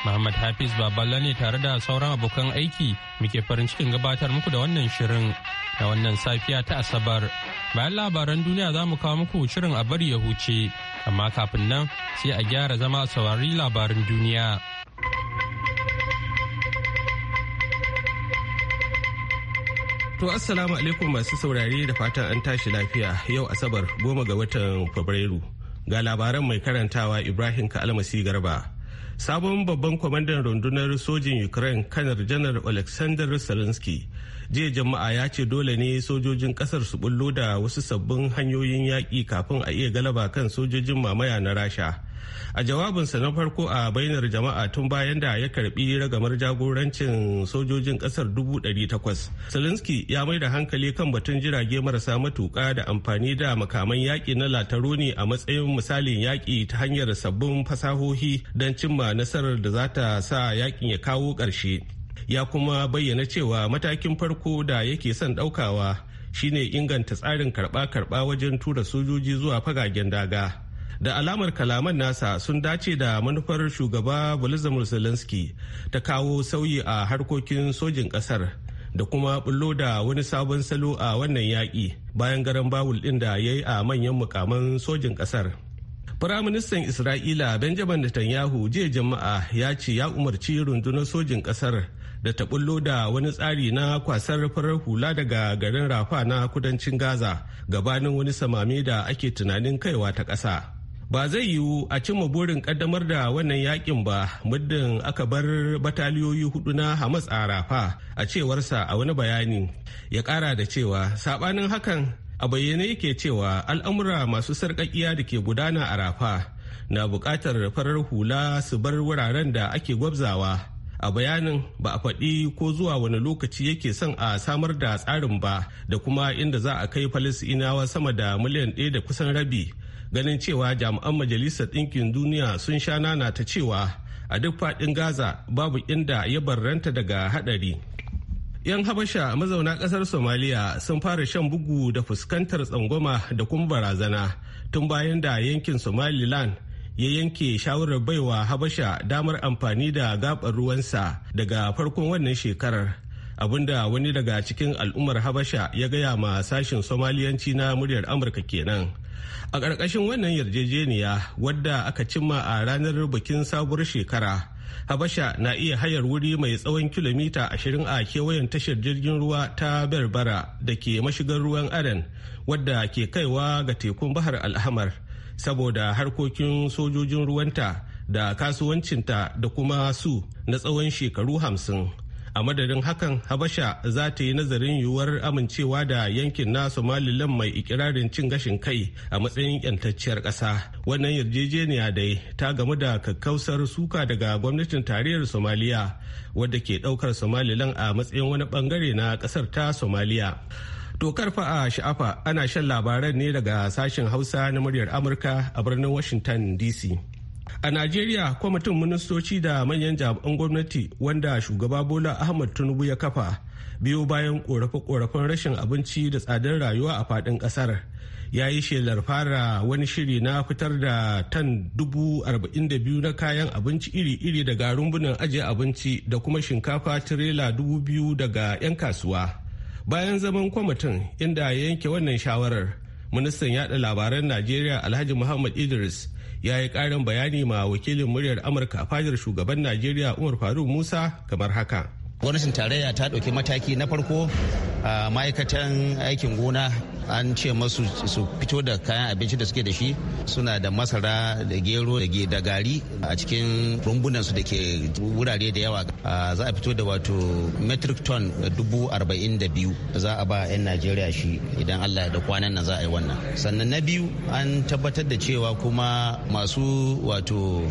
Muhammad Hafiz Baballa ne tare da sauran abokan aiki muke farin cikin gabatar muku da wannan shirin da wannan safiya ta Asabar. Bayan labaran duniya za mu kawo muku shirin a bari ya huce, amma kafin nan sai a gyara zama saurari labarin duniya. To Assalamu alaikum masu saurari da fatan an tashi lafiya yau Asabar goma ga watan Fabrairu. Ga labaran mai karantawa Ibrahim Ka'almasi Garba. sabon babban kwamandan rundunar sojin ukraine kanar janar alexander zelensky jiya jama'a ya ce dole ne sojojin kasar su bullo da wasu sabbin hanyoyin yaƙi kafin a iya galaba kan sojojin mamaya na rasha a jawabinsa na farko a bainar jama'a tun bayan da ya karbi ragamar jagorancin sojojin kasar takwas. Salinski ya mai da hankali kan batun jirage marasa matuka da amfani da makaman yaƙi na lataroni a matsayin misalin yaƙi ta hanyar sabbin fasahohi don cimma nasarar da za ta sa yaƙin ya kawo ƙarshe ya kuma bayyana cewa matakin farko da yake son ɗaukawa shine inganta tsarin karɓa-karɓa wajen tura sojoji zuwa fagagen daga da alamar kalaman nasa sun dace da manufar shugaba volodymyr zelensky ta kawo sauyi a harkokin sojin kasar da kuma bullo da wani sabon salo a wannan yaƙi bayan garan bawul ɗin da ya yi a manyan mukaman sojin ƙasar. Firaministan Isra'ila Benjamin Netanyahu jiya jama'a ya ce ya umarci rundunar sojin ƙasar da ta bullo da wani tsari na kwasar farar hula daga garin Rafa na kudancin Gaza gabanin wani samami da ake tunanin kaiwa ta ƙasa. ba zai yiwu a cimma burin kaddamar da wannan yakin ba muddin aka bar bataliyoyi hudu na hamas a rafa a cewarsa a wani bayani ya kara da cewa sabanin hakan a bayyane yake cewa al'amura masu sarƙaƙiya da ke gudana a rafa na buƙatar farar hula su bar wuraren da ake gwabzawa a bayanin ba a faɗi ko zuwa wani lokaci yake son a samar da tsarin ba da kuma inda za a kai falasinawa sama da miliyan ɗaya da kusan rabi ganin cewa jami'an majalisar ɗinkin duniya sun sha nana ta cewa a duk faɗin gaza babu inda ya barranta daga haɗari yan habasha mazauna ƙasar somaliya sun fara shan bugu da fuskantar tsangwama da kuma barazana tun bayan da yankin somaliland ya yanke shawarar baiwa habasha damar amfani da gabar ruwansa daga farkon wannan shekarar abinda wani daga cikin al'ummar habasha ya gaya ma sashin somaliyanci na muryar amurka kenan a ƙarƙashin wannan yarjejeniya wadda aka cimma a ranar bikin sabuwar shekara habasha na iya hayar wuri mai tsawon kilomita ashirin a kewayen tashar jirgin ruwa ta berbera da ke mashigar ruwan aden wadda ke kaiwa ga tekun bahar alhamar saboda harkokin sojojin ruwanta da kasuwancinta da kuma su na tsawon shekaru hamsin a madadin hakan habasha za ta yi nazarin yiwuwar amincewa da yankin na somaliland mai ikirarin cin gashin kai a matsayin yantacciyar ƙasa wannan yarjejeniya dai ta gamu da kakkausar suka daga gwamnatin tarayyar somaliya wadda ke ɗaukar somaliland a matsayin wani bangare na ƙasar ta somaliya Tokar karfa a sha'afa ana shan labaran ne daga sashen hausa na muryar amurka a birnin washington dc A Najeriya kwamitin ministoci da manyan jami'an gwamnati wanda shugaba Bola Ahmad Tinubu ya kafa biyo bayan korafe-korafen rashin abinci da tsadar rayuwa a faɗin ƙasar. Ya yi shelar fara wani shiri na fitar da tan dubu arba'in da biyu na kayan abinci iri-iri daga rumbunan ajiye abinci da kuma shinkafa tirela dubu biyu daga 'yan kasuwa. Bayan zaman kwamitin inda ya yanke wannan shawarar, ministan yaɗa labaran Najeriya Alhaji Muhammad Idris ya yi ƙarin bayani ma wakilin muryar amurka a fadar shugaban najeriya umar faruk musa kamar haka gwamnatin tarayya ta ɗauki mataki na farko a ma'aikatan aikin gona an ce masu su fito da kayan abinci da suke da shi suna da masara da gero da gari a cikin rumbunan su da ke wurare da yawa za a fito da wato metric ton dubu arba'in da biyu za a ba 'yan najeriya shi idan allah da kwanan nan za a yi wannan sannan na biyu an tabbatar da cewa kuma masu wato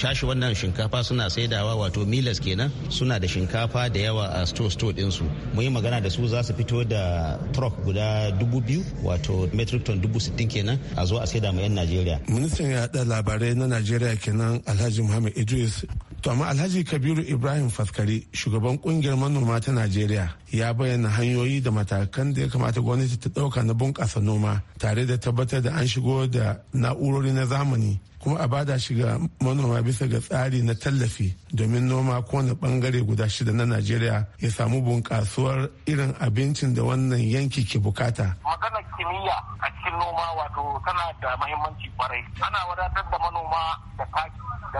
cashe wannan shinkafa suna saidawa wato milas kenan suna da shinkafa da yawa a store store dinsu muyi yi magana da su za su fito da truck guda dubu biyu wato metric ton dubu sittin kenan a zo a saida ma 'yan najeriya ministan ya da labarai na najeriya kenan alhaji muhammad idris to amma alhaji kabiru ibrahim faskari shugaban kungiyar manoma ta najeriya ya bayyana hanyoyi da matakan da ya kamata gwamnati ta ɗauka na bunƙasa noma tare da tabbatar da an shigo da na'urori na zamani kuma a bada shi ga manoma bisa ga tsari na tallafi domin noma ko bangare guda shida na najeriya ya samu bunkasuwar irin abincin da wannan yanki ke bukata maganar kimiyya a cikin noma wato tana da mahimmanci kwarai ana wadatar da manoma da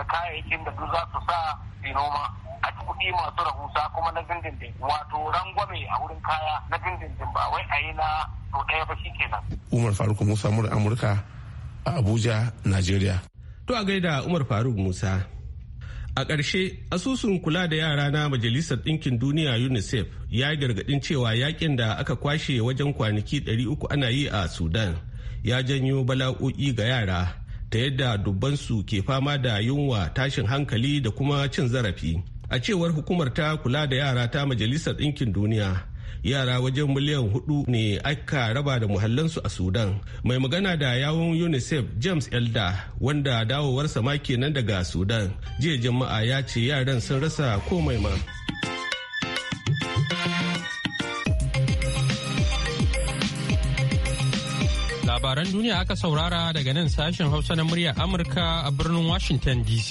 kayayyakin da duk za su sa su noma a kuɗi masu rahusa kuma na dindindin wato rangwame a wurin kaya na dindindin ba wai a yi na ɗaya ba shi kenan. Umar Faruk Musa Amurka a Abuja, Najeriya. To a gaida Umar Faruk Musa. A ƙarshe, asusun kula da yara na Majalisar Ɗinkin Duniya UNICEF ya yi gargaɗin cewa yakin da aka kwashe wajen kwanaki 300 ana yi a Sudan ya janyo bala'o'i ga yara ta yadda dubbansu ke fama da yunwa tashin hankali da kuma cin zarafi. A cewar hukumar ta kula da yara ta Majalisar Ɗinkin Duniya, yara wajen miliyan hudu ne aka raba da muhallansu a sudan mai magana da yawon unicef james elder wanda dawowarsa ma kenan daga sudan jiya jama'a ya ce yaran sun rasa komai ma labaran duniya aka saurara daga nan sashen hausa na murya amurka a birnin washington dc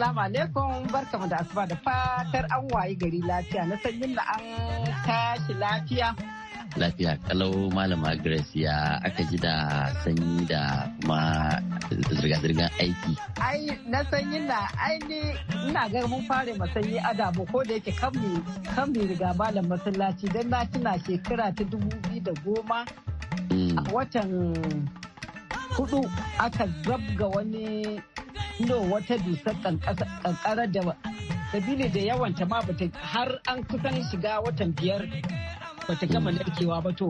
Assalamu alaikum barkamu da asuba da fatar an wayi gari lafiya na sanyin da an tashi lafiya. Lafiya kalau malama Grace ya aka ji da sanyi da ma zirga zirga aiki. Ai na sanyin na ai ni ina ga mun fare masanyi adamu ko da yake kan bi riga malam masallaci don na tuna shekara ta dubu biyu da goma a mm. watan hudu aka zabga wani no wata dusar kankara da sabili da yawanta ta ma har an kusan shiga watan biyar bata gama narkewa ba to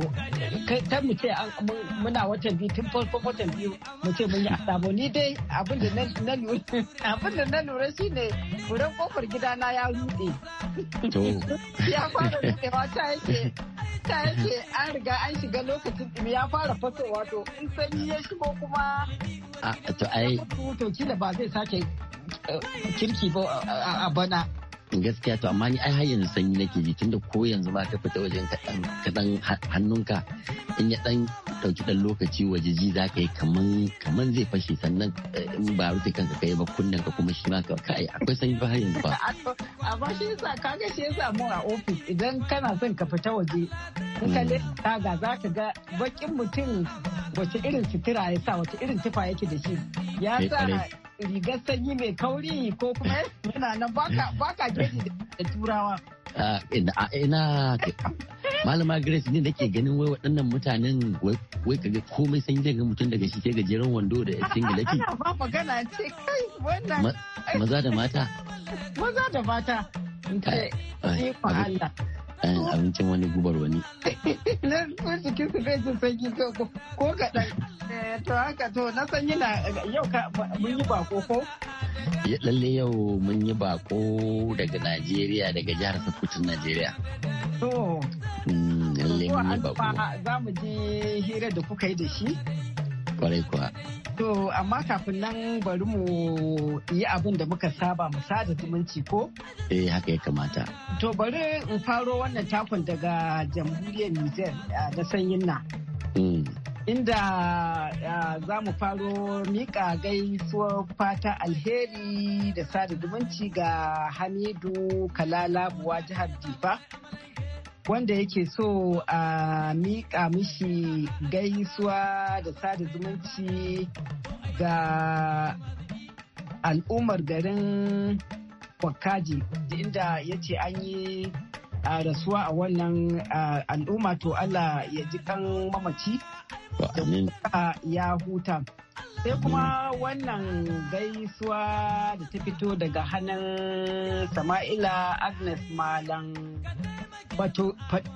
ta mu ce muna watan biyu tun farko watan biyu mu ce mun yi asabo ni dai abin da na lura shi ne furen kofar gida na ya rute ya fara rutewa ta yake ta yake an riga an shiga lokacin ɗumi ya fara fasowa to in sani ya shigo kuma A to ai to kila ba zai sake eh, kirki ba a bana gaskiya to amma ni ai har yanzu sanyi nake ji tunda ko yanzu ba ka fita wajen kaɗan hannunka in ya ɗan ɗauki ɗan lokaci waje ji za ka yi kaman kaman zai fashe sannan eh, in ba rufe kanka kai ba kunnen ka kuma shi ma ka kai akwai sanyi ba yanzu ba. Amma shi yasa kaga shi yasa mu a ofis idan kana son ka fita waje in ka hmm. ga za ka ga bakin mutum wace irin sutura ya sa wace irin tufa yake da shi ya eh, sa rigar sanyi mai kauri ko kuma yana nan baka gani da turawa. Ah, ina malama grace ne nake ganin wai waɗannan mutanen wai ka ga komai sanyi daga mutum daga shi sai gajeren wando da Ana ba magana ce kai wannan maza da mata maza da mata ɗayan abincin wani gubar wani. Na jikin su zai jin sanyi ko kaɗan. Eh, to haka to na sanyi na yau mun yi bako ko? Lalle yau mun yi bako daga Najeriya daga jihar Sokoto Najeriya. To. Mm. ni ba kuma. Za mu je hira da kuka yi da shi? Kwarai kuwa. To amma kafin nan bari mu yi abin da muka saba mu sada zumunci ko? Eh haka ya kamata. To bari in faro wannan takon daga jamhuriyar Nijar eh, da sanyin na. Mm. Inda eh, za mu faro miƙa gaisuwar fata alheri da sada zumunci ga Hamidu Kalalabuwa jihar Difa. wanda yake so a miƙa mishi gaisuwa da sada zumunci ga al'ummar garin kwakaji inda ya ce an yi rasuwa a wannan al'umma to Allah ya ji kan mamaci da ya huta. Sai kuma wannan gaisuwa da ta fito daga hannun Sama'ila Agnes Malam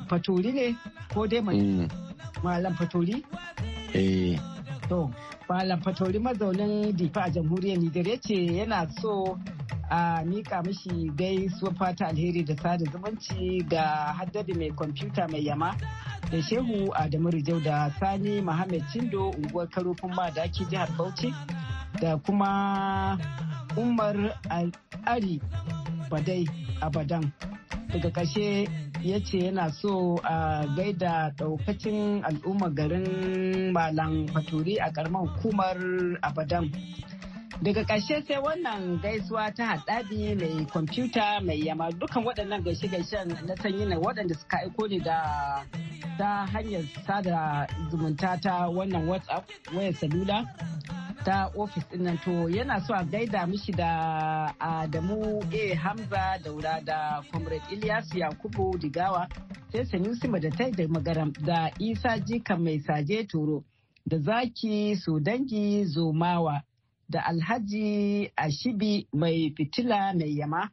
faturi ne ko dai mm. malam faturi? Eh. To, malam faturi mazaunin difa a jamhuriyar Nijar ya ce yana so a mika mishi suwa fata alheri da sada zumunci ga haddadi mai kwamfuta mai yama da shehu Adamu Rijau da Sani Muhammad Cindo unguwar Karofin Madaki jihar Bauchi da kuma Umar Al'ari Badai Abadan daga ƙashe ya ce yana so a gaida ɗaukacin al'umma garin malam faturi a karamar hukumar abadan daga ƙarshe sai wannan gaisuwa ta haɗabi mai kwamfuta mai yama dukan waɗannan gaishe-gaishen na sanyi na waɗanda suka aiko ne da ta hanyar sada zumunta ta wannan whatsapp wayar salula ta ofis ɗin nan to yana so a gaida mishi da adamu a hamza daura da comrade ilyas yakubu digawa sai sanusi madatai da magaram da isa jika mai saje toro da zaki su dangi zomawa da Alhaji Ashibi mai fitila mai yama,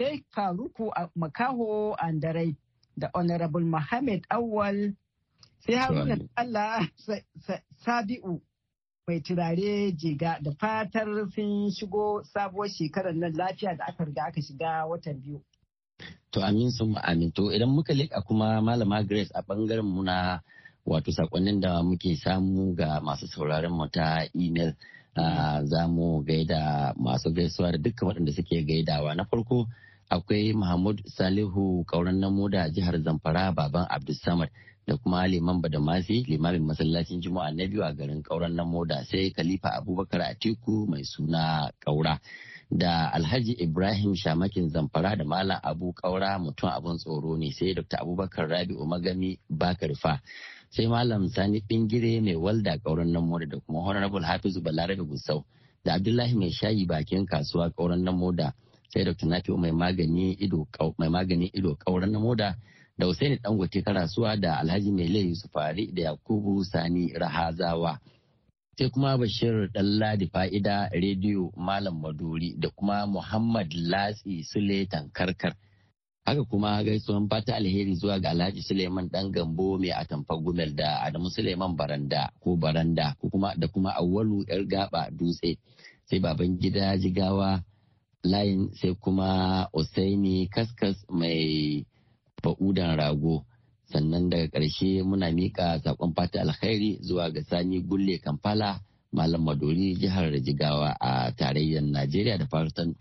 sai Faruku a Makaho Andarai da Honorable Mohammed Awal, sai Haruna Allah Sabi'u mai turare jiga da fatar sun shigo sabuwar shekarar nan lafiya da aka riga aka shiga watan biyu. To amin sun amin to idan muka leƙa kuma malama Grace a bangaren muna, wato sakonnin da muke samu ga masu sauraron mu ta email. za mu gaida masu gaisuwa da duka waɗanda suke gaidawa na farko akwai mahmud salihu kauran namu da jihar zamfara baban abdulsamad da kuma liman badamasi limamin masallacin juma'a na biyu a garin kauran namu da sai khalifa abubakar atiku mai suna kaura da alhaji ibrahim shamakin zamfara da malam abu kaura mutum abun tsoro ne sai dr abubakar rabi'u magami bakarfa sai malam sani bingire mai walda kauran nan moda da kuma honorable hafizu balarabe gusau da abdullahi mai shayi bakin kasuwa kauran nan moda sai dr nafi mai magani ido mai magani ido kauran nan moda da husaini Dangote Karasuwa da Alhaji Mai Lai Yusuf Fari da Yakubu Sani Rahazawa. Sai kuma Bashir Dalladi Fa'ida Rediyo Malam Maduri da kuma Muhammad Latsi Sule Tankarkar haka kuma gaisuwan fata alheri zuwa ga alhaji suleiman dan gambo mai atamfa gumel da adamu suleiman baranda ko baranda ko kuma da kuma awwalu yar gaba dutse sai baban gida jigawa layin sai kuma usaini kaskas mai fa'udan rago sannan daga ƙarshe muna miƙa saƙon fata alheri zuwa ga sani gulle kampala malam madori jihar jigawa a tarayyar najeriya da fatan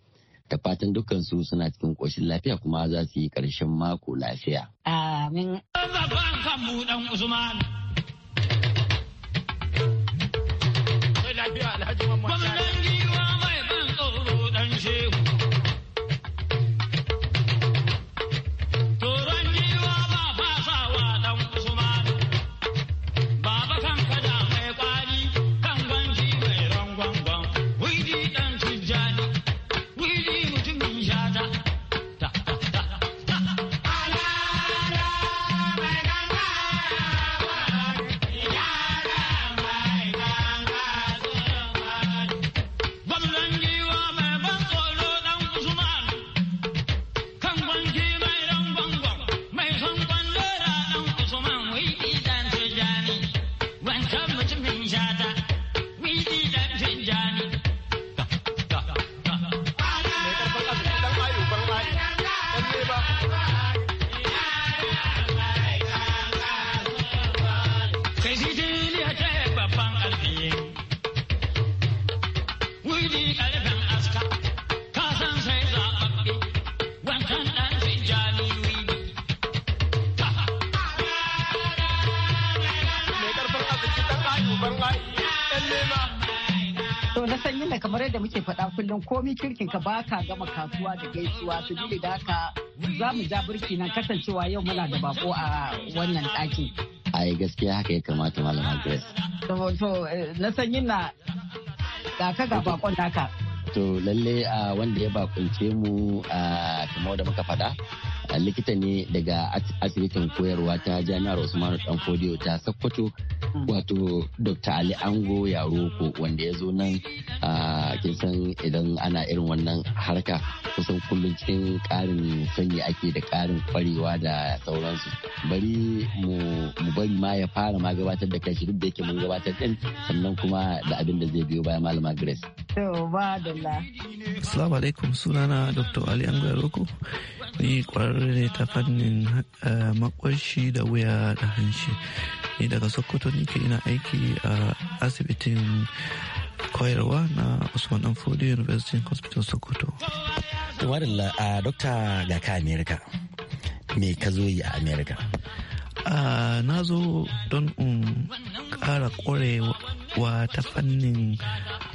da fatan dukkan su suna cikin ƙoshin lafiya kuma za su yi ƙarshen mako lafiya. Amin. Gwamnan haka kamar yadda muke faɗa kullum komi kirkin ka baka gama kasuwa da gaisuwa su dole da haka za mu ja burki nan kasancewa yau muna da bako a wannan ɗakin. ai gaskiya haka ya kamata malama grace. to na sanyin na ga ga bakon naka. to lalle ah, wanda ya bakunce mu a ah, kamar da muka faɗa likita ne daga asibitin koyarwa ta jami'ar usmanu danfodiyo ta sokoto hmm. wato dr ali ango yaroko wanda ya zo nan kin san idan ana irin wannan harka kusan kullum cikin karin sanyi ake da karin kwarewa da sauransu bari mu bari ma ya fara ma gabatar da kashi duk da yake mun gabatar din sannan kuma da abin da zai biyo baya malama grace Assalamu alaikum sunana Dr. Ali Angaroko ni kwarar ne ta fannin eh, makwarshi da wuya da hanshi ni daga sokoto nike ina aiki a asibitin koyarwa na usman amfodi university hospital sokoto warilla a dokta ga ka america me ka zo yi a america na zo don in ƙara ƙwarewa ta fannin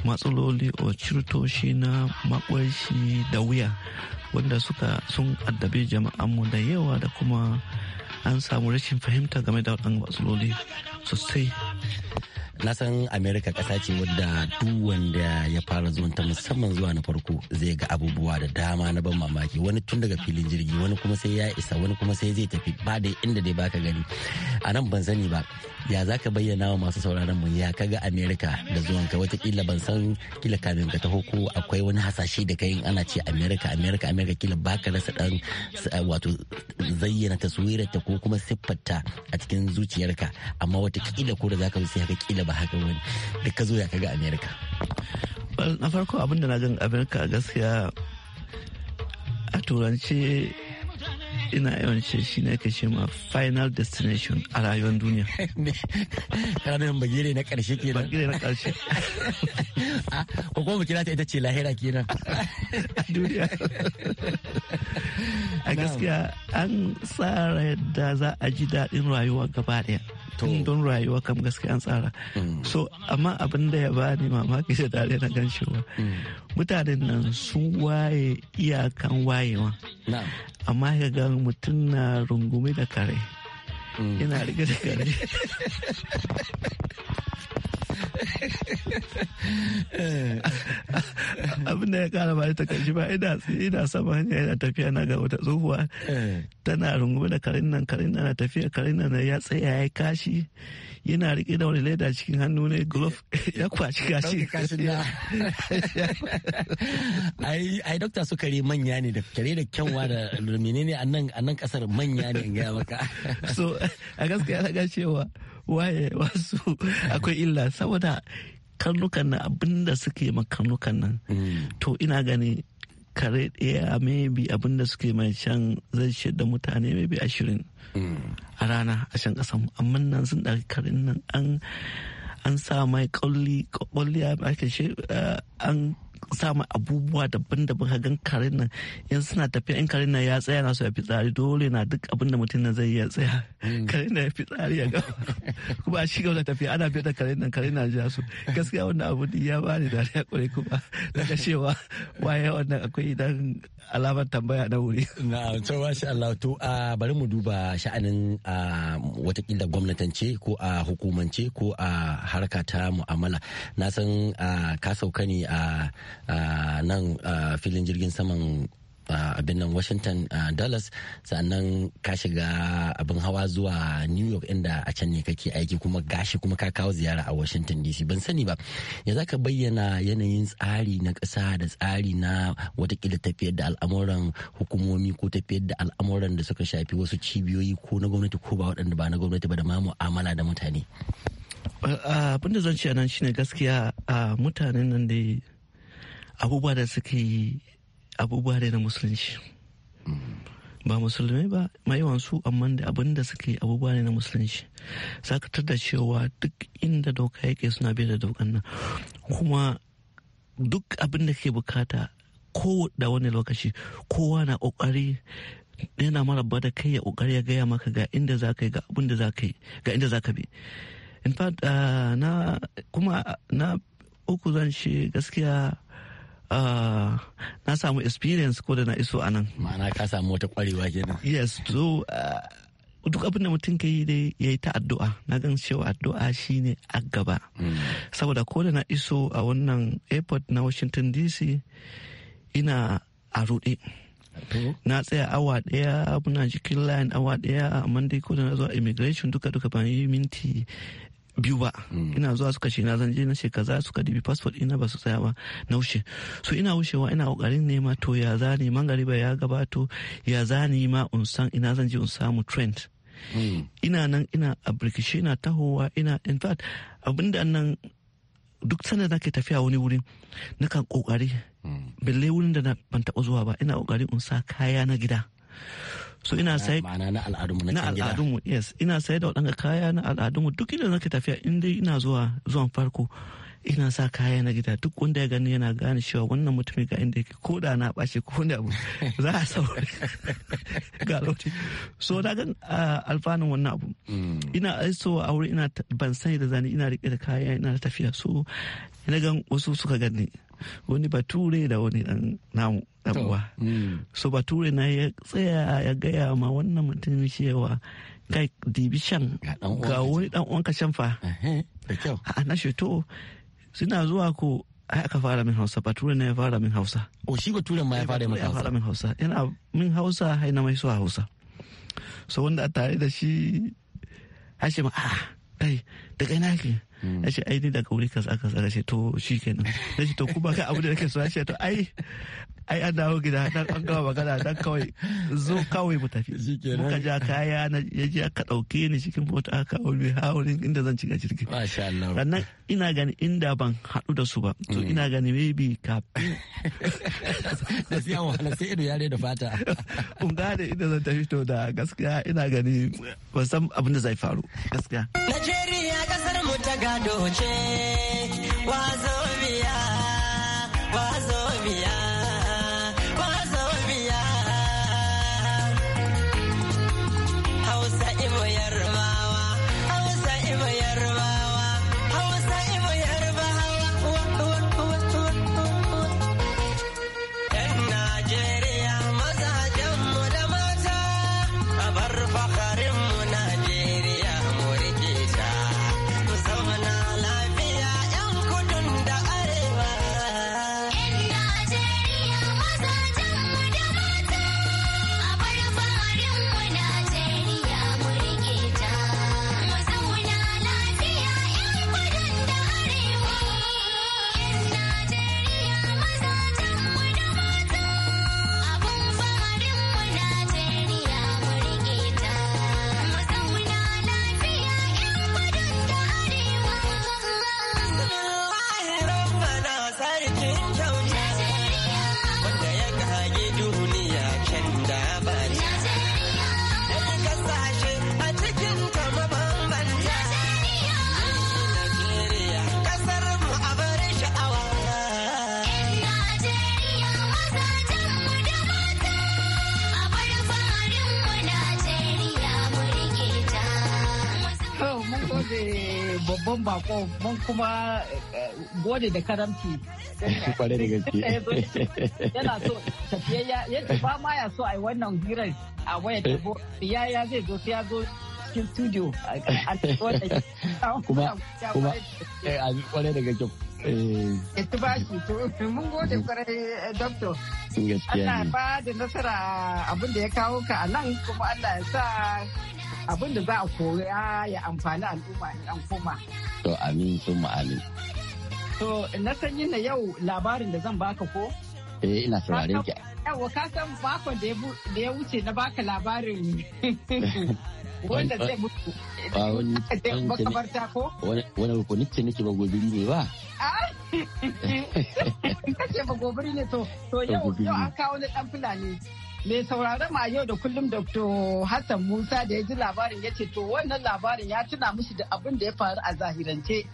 matsaloli o cirtoshi na makwarshi da wuya wanda suka sun addabi jama'anmu da yawa da kuma an samu rashin fahimta game da waɗannan matsaloli sosai na san america kasa ce wadda duk wanda ya fara zuwan ta musamman zuwa na farko zai ga abubuwa da dama na ban mamaki wani tun daga filin jirgi wani kuma sai ya isa wani kuma sai zai tafi ba da inda dai baka gani a nan ban sani ba ya za ka bayyana wa masu sauraron mu ya kaga america da zuwan ka watakila ban san kila kamin ka taho ko akwai wani hasashe da kai ana ce america america america kila baka rasa dan eh, wato zayyana taswirar ta ko kuma siffarta a cikin zuciyarka amma watakila ko da zaka zo sai ka kila ba haka wani duk ka zo ya kaga america na farko abinda na gan america gaskiya a turance ina yawan ce shi ne ka ce ma final destination a rayuwar duniya ranar bagire na karshe kenan bagire na karshe ah, ko kuma mu kira ta ita ce lahira kenan duniya a gaskiya an tsara yadda za a ji daɗin rayuwa gaba ɗaya tun don rayuwa kam gaskiya an tsara mm. so amma abin da ya bani mamaki da tare na gan cewa mm. mutanen nan sun waye iyakan wayewa amma ya ga mutum na rungume da kare mm. yana riga da kare Eh. abin da ya kara ba ta kashi ba ina ina sama hanya ina tafiya na ga wata tsohuwa eh. tana rungume da karin nan karin nan tafiya karin nan ya tsaya ya kashi yana riƙe da wani leda cikin hannu ne glove ya kwaci kashi ai ai dokta su kare manya ne da kare da kyanwa da menene a nan kasar manya ne ga maka so a gaskiya na ga cewa Waye wasu akwai illa saboda karnukan nan abinda suke ma karnukan nan hmm. to ina gani kare ɗaya maybe abinda suke mai shan zai da mutane maybe ashirin hmm. a rana a shan ƙasa amma nan sun ɗauki karen nan an sa mai ƙwalli a ake eh, an samun abubuwa daban-daban ka gan karen nan in suna tafiya in karen nan ya tsaya na su ya fitsari dole na duk abin da mutum nan zai iya tsaya mm. karen nan ya fitsari ya ga kuma a shiga wata tafiya ana fiye da karen nan karen na ja su gaskiya wannan abu ya bani da ya kure kuma daga cewa waye wannan akwai idan alamar tambaya na wuri. Na'am to masha Allah to a bari mu duba sha'anin a watakila gwamnatance ko a hukumance ko a harka ta mu'amala na san ka sauka ne a nan filin jirgin saman abin nan washington dallas sannan ka shiga abin hawa zuwa new york inda a can ne kake aiki kuma gashi kuma ka kawo ziyara a washington dc ban sani ba ya za ka bayyana yanayin tsari na kasa da tsari na watakila tafiyar da al'amuran hukumomi ko tafiyar da al'amuran da suka shafi wasu cibiyoyi ko na gwamnati ko ba waɗanda ba na gwamnati ba da ma mu'amala da mutane abin da zan ce nan shine gaskiya mutanen nan da abubuwa da suka yi abubuwa da na musulunci ba musulmai ba yawan su amma da abin da suka yi abubuwa ne na musulunci sakatar da cewa duk inda doka yake suna biyar da dokan nan kuma duk abin da ke bukata ko da wani lokaci kowa na kokari yana mara da kai ya kokari ya gaya maka ga inda za ka yi ga abin da za ka yi ga inda za ka bi in fact ah, na kuma na uku zan ce gaskiya Ah, na samu experience ko da na iso a nan ma'ana ka samu wata kwarewa kenan yes so ah, duk abin da mutum ka yi dai ya yi ta addu'a na gan cewa addu'a shi ne a gaba hmm. saboda ko da na iso a wannan airport na washington dc ina a ruɗe na tsaya awa daya muna jikin line awa daya a dai ko da na zo immigration duka duka ban yi minti biyu ba mm. ina zuwa suka ce na zanje na ce kaza suka dubi passport ina ba su tsaya ba na wuce so ina wucewa ina kokarin nema to ya za man gariba ya gabato ya za ni ma san ina zanje in samu trend mm. ina nan ina a birkice ina tahowa ina in fact abinda nan duk sanda nake tafiya wani wurin nakan kokari mm. balle wurin da ban taba zuwa ba ina kokarin in sa kaya na gida so ina sai ma'ana na mu na al'adunmu yes ina sai da wadanga kaya na mu duk inda nake tafiya in dai ina zuwa zuwan farko ina sa kaya na gida duk wanda ya gani yana gane cewa wannan mutumin ga inda yake ko da na bashi ko wanda abu za a saurari ga lokaci so na gan alfanun wannan abu mm. ina a wuri ina ban sani da zani ina riƙe da kaya ina tafiya so ina gan wasu suka gani wani bature da wani dan namu uwa mm. so bature na ya tsaya ya gaya ma wannan mutum cewa kai dibi shan ga wani dan uwanka shan fa a na to suna zuwa ko ai aka fara min hausa bature na ya fara min hausa o shi bature ma ya fara min hausa min hausa yana min hausa hai na mai so hausa so wanda a tare da shi hashe ma a kai daga ina ke na ce ai ni daga wuri kaza aka tsara ce to shi kenan na shi to kuma kai abu da nake so na ce to ai ai an dawo gida dan an gama magana dan kawai zo kawai mu tafi muka ja kaya na ya je aka dauke ni cikin mota aka kawo mai haurin inda zan shiga jirgin masha Allah sannan ina gani inda ban haɗu da su ba to mm. ina gani maybe kafin da sai wahala sai ido yare da fata kun gane inda zan tafi to da gaskiya ina gani ban san abin da zai faru gaskiya Najeriya ta gado ce wazo biya wazo bako mun kuma eh, eh, gode da karamci kware da gaske eh, yana so tafiya ya ba ma ya so a wannan hirar a waya da ya ya zai zo sai ya zo cikin studio kuma kuma a kware da gaske Ita ba shi to mun gode kwarai doctor. Allah ba da nasara abin da ya kawo ka a nan kuma Allah ya sa abin da za a kore ya amfani al'umma in an koma. To amin sun ma'amin. To na san yi na yau labarin da zan baka ko? Eh ina saurare ki. Yawa ka san bakon da ya wuce na baka labarin wanda zai mutu. Makabarta ko? Wani rukunin ce nake ba gobiri ne ba? Ah! Kace ba gobiri ne to yau an kawo na dan fulani. mai sauraron ma yau da kullum dr hassan musa da ya ji labarin ya ce to wannan labarin ya tuna mushi da abin da ya faru a zahirance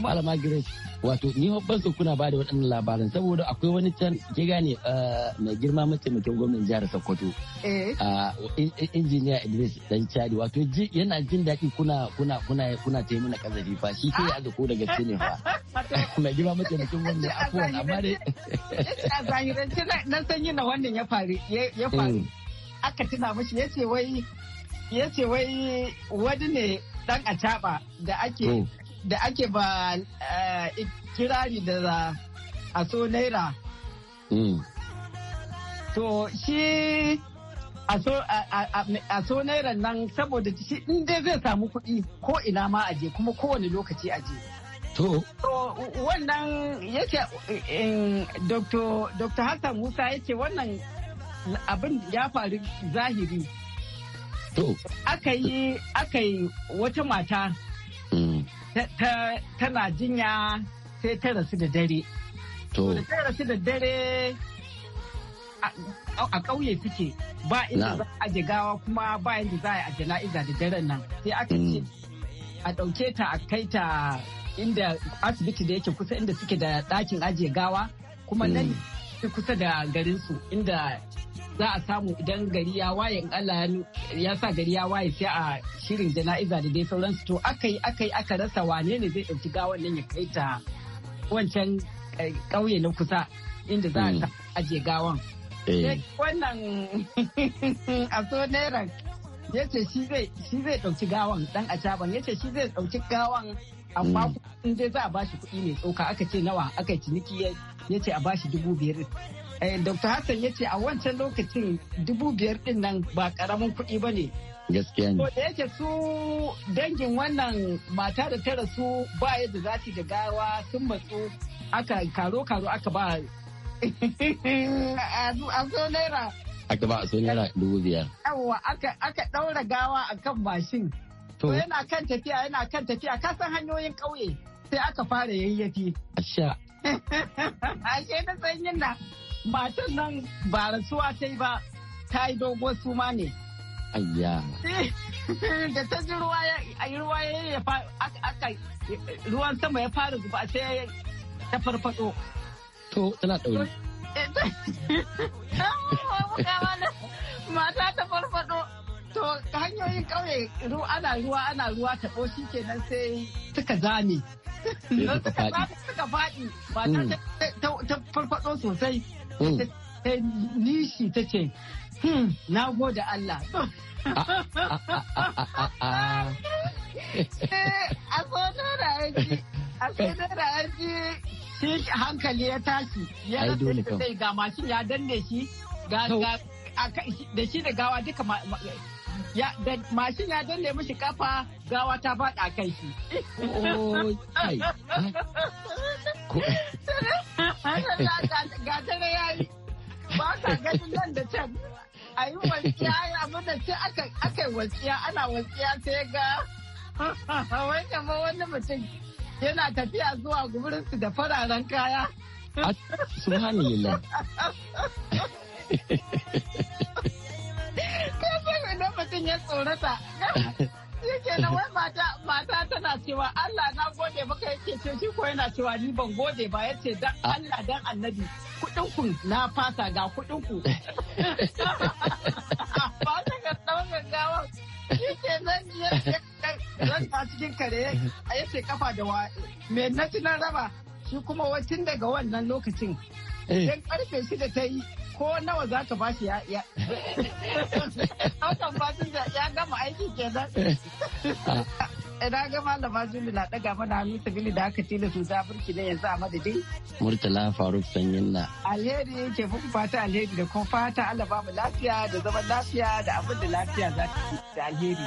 malama grace wato ni ban so kuna bada waɗannan labaran saboda akwai wani can ke gane eh, mai girma mataimakin gwamnan jihar sokoto eh. ah, injiniya idris dan chadi wato yana jin daɗi kuna kuna kuna kuna ta yi mana kazafi fa shi ke aka ko daga gaske fa mai girma mataimakin gwamnan afuwan amma dai a zahirance na san yana wannan ya faru ya eh. faru aka tuna mashi ya ce wai ya ce wai wani ne dan acaba da ake oh. da ake ba eh, kirari da a so naira. Mm. To shi a so naira nan saboda shi inda zai samu kuɗi ko ina ma aje kuma kowane lokaci aje. To. wannan yake eh, Dr. Hassan Musa yake wannan abin ya faru zahiri. To. Aka yi wata mata tana jinya sai ta rasu da dare. To. ta rasu da dare a ƙauye suke ba inda za a aje gawa kuma ba inda za a jana'iza da daren nan sai aka ce mm. a ɗauke ta a kai ta inda asibiti da yake kusa inda suke da ɗakin ajiye gawa kuma nan mm. kusa da garinsu inda za a samu idan gari ya waye in Allah ya sa gari ya waye sai a shirin jana'iza da dai sauransu to aka yi aka yi aka rasa wane ne zai ɗauki gawan nan ya kai ta wancan eh, ƙauye na kusa inda za a mm. aje gawan. Eh. Wannan aso naira ya ce shi zai ɗauki gawan ɗan acaban ya ce shi zai ɗauki gawan amma mm. in dai za a bashi kuɗi ne tsoka aka ce nawa aka ciniki ya ce a bashi dubu biyar eh, Dr. Hassan ya ce a wancan lokacin dubu biyar din nan ba karamin kuɗi ba ne. Gaskiya ne. da yake su dangin wannan mata da tara su ba yadda za su da gawa sun matsu aka karo-karo aka ba a so naira. Aka ba a so naira dubu biyar. Yawwa aka ɗaura gawa akan mashin. To yana kan tafiya yana kan tafiya ka san hanyoyin ƙauye sai aka fara yayyafi. Asha. Ashe na san yin nan matan nan ba rasuwa ta yi ba ta yi dogo suma ne. Ayya. Da ta ji ruwa ya ruwa ya aka ruwan sama ya fara zuba sai ta farfado. To tana ɗauri. Mata ta farfado. to hanyoyin ƙauye ana ruwa ana ruwa taɓo shi kenan sai suka zame suka faɗi ba hmm. ta farfaɗo sosai hmm. nishi ta ce hmm, na gode Allah a so eh, nora yaji a shi hankali ya tashi ya rasa zai ga mashin ya danne shi da shi da gawa duka ya da mashin ya danne mishi kafa gawa ta fada kai shi ga tare yi ba ka nan da can a yi wasiya ya mana ce aka yi wasiya ana wasiya sai ga wanda ma wani mutum yana tafiya zuwa guburinsu da fararen kaya subhanallah mutum ya tsorata shi ke wai mata tana cewa Allah na gode maka yake ce shi ko yana cewa ni ban gode ba ya ce dan ah. Allah dan annabi kuɗin ku na fasa ga kuɗin ku ba ta ga tsawon gaggawa shi ke nan ya cikin kare ya ce kafa da wa'i me na raba shi kuma wacin daga wannan lokacin. Eh. Idan karfe shida ta yi ko nawa za ka bashi ya ya ɗaukan fasinja ya gama aiki nan. Ah. idan ga malama Juli na daga mana hannu sabili da aka tilasta za burki yanzu a madadin. Murtala Faruk Sanyin na. Alheri ke muku fata alheri da kuma fata Allah ba mu lafiya da zaman lafiya da abin da lafiya za ta da alheri.